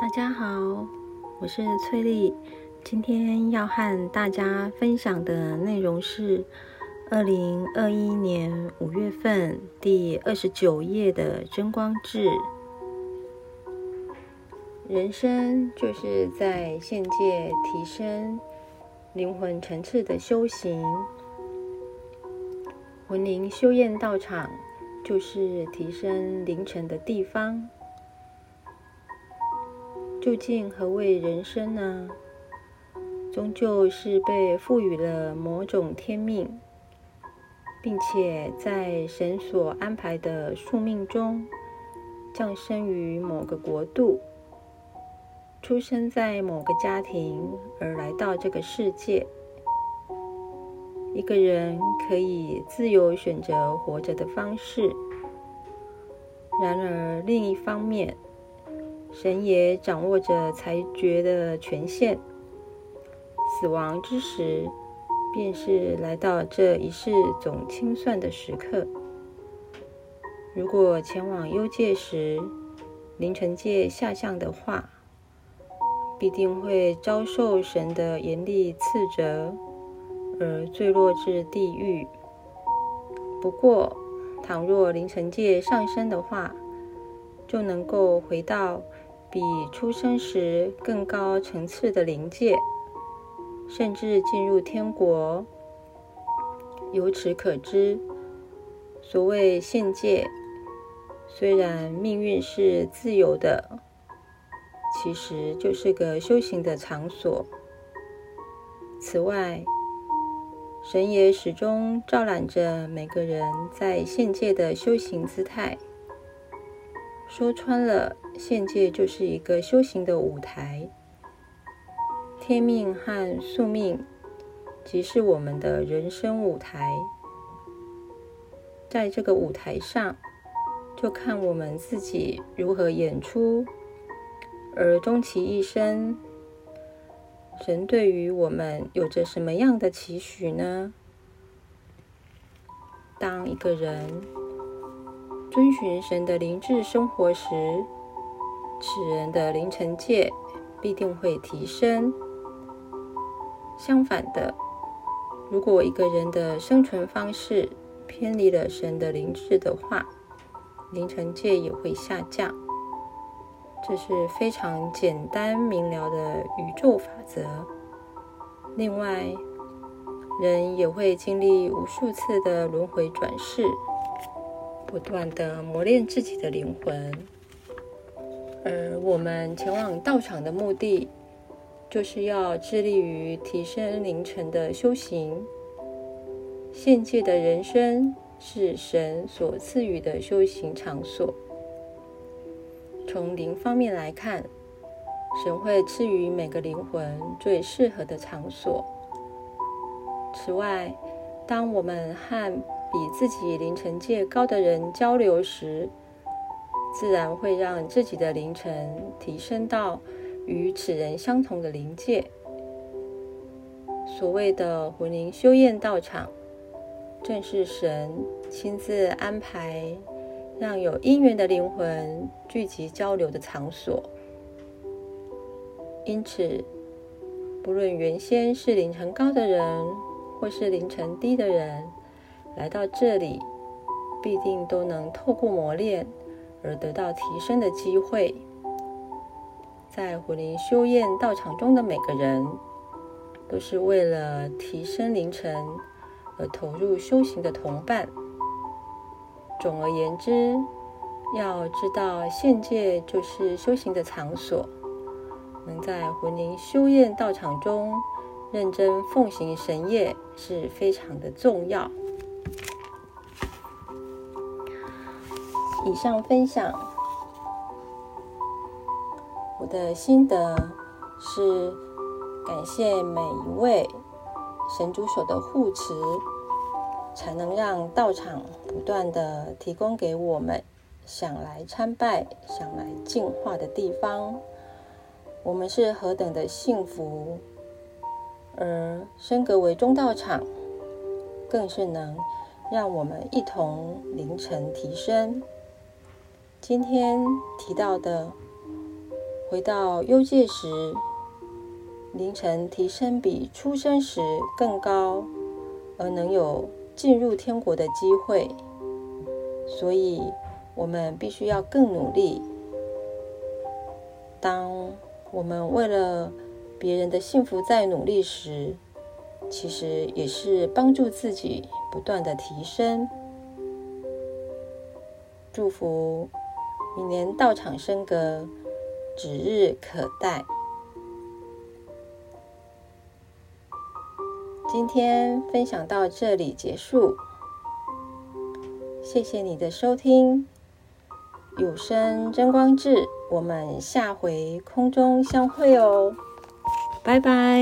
大家好，我是翠莉。今天要和大家分享的內容是二零二一年五月份第二十九頁的《真光誌》。人生就是在現界提升靈魂層次的修行，魂靈修驗道場就是提升靈塵的地方。究竟何謂人生呢？終究是被賦予了某種天命，並且在神所安排的宿命中，降生於某個國度，出生在某個家庭，而來到這個世界。一個人可以自由選擇活着的方式，然而另一方面，神也掌握着裁決的權限。死亡之時，便是來到這一世總清算的時刻。如果前往幽界時，靈層界下降的話，必定會遭受神的嚴厲斥責，而墜落至地獄。不過，倘若靈層界上升的話，就能夠回到比出生時更高層次的靈界，甚至進入天國。由此可知，所謂現界，雖然命運是自由的，其實就是個修行的場所。此外，神也始終照覽着每個人在現界的修行姿態。說穿了，現界就是一個修行的舞台，天命和宿命，即是我們的人生舞台。在這個舞台上，就看我們自己如何演出。而終其一生，神對於我們有着什麼樣的期許呢？當一個人，遵循神的靈智生活時，此人的靈層界必定會提升。相反的，如果一個人的生存方式偏離了神的靈智的話，靈層界也會下降。這是非常簡單明了的宇宙法則。另外，人也會經歷無數次的輪回轉世。不斷地磨練自己的靈魂，而我們前往道場的目的，就是要致力於提升靈魂的修行。現界的人生是神所賜予的修行場所。從靈方面來看，神會賜予每個靈魂最適合的場所。此外，當我們和比自己靈層界高的人交流時，自然會讓自己的靈層提升到與此人相同的靈界。所謂的魂靈修驗道場，正是神親自安排讓有因緣的靈魂聚集交流的場所。因此，不論原先是靈層高的人，或是靈層低的人，來到這裡，必定都能透過磨練而得到提升的機會。在魂靈修驗道場中的每個人，都是為了提升靈層而投入修行的同伴。總而言之，要知道現界就是修行的場所，能在魂靈修驗道場中認真奉行神業是非常的重要。以上分享，我的心得是感謝每一位神組手的護持，才能讓道場不斷地提供給我們想來參拜、想來淨化的地方。我們是何等的幸福，而升格為中道場，更是能讓我們一同靈層提升。今天提到的，回到幽界時，靈程提升比出生時更高，而能有進入天國的機會。所以，我們必須要更努力。當我們為了別人的幸福在努力時，其實也是幫助自己不斷的提升。祝福。明年道場升格指日可待。今天分享到這裡結束，謝謝你的收聽。有聲真光誌，我們下回空中相會哦，拜拜。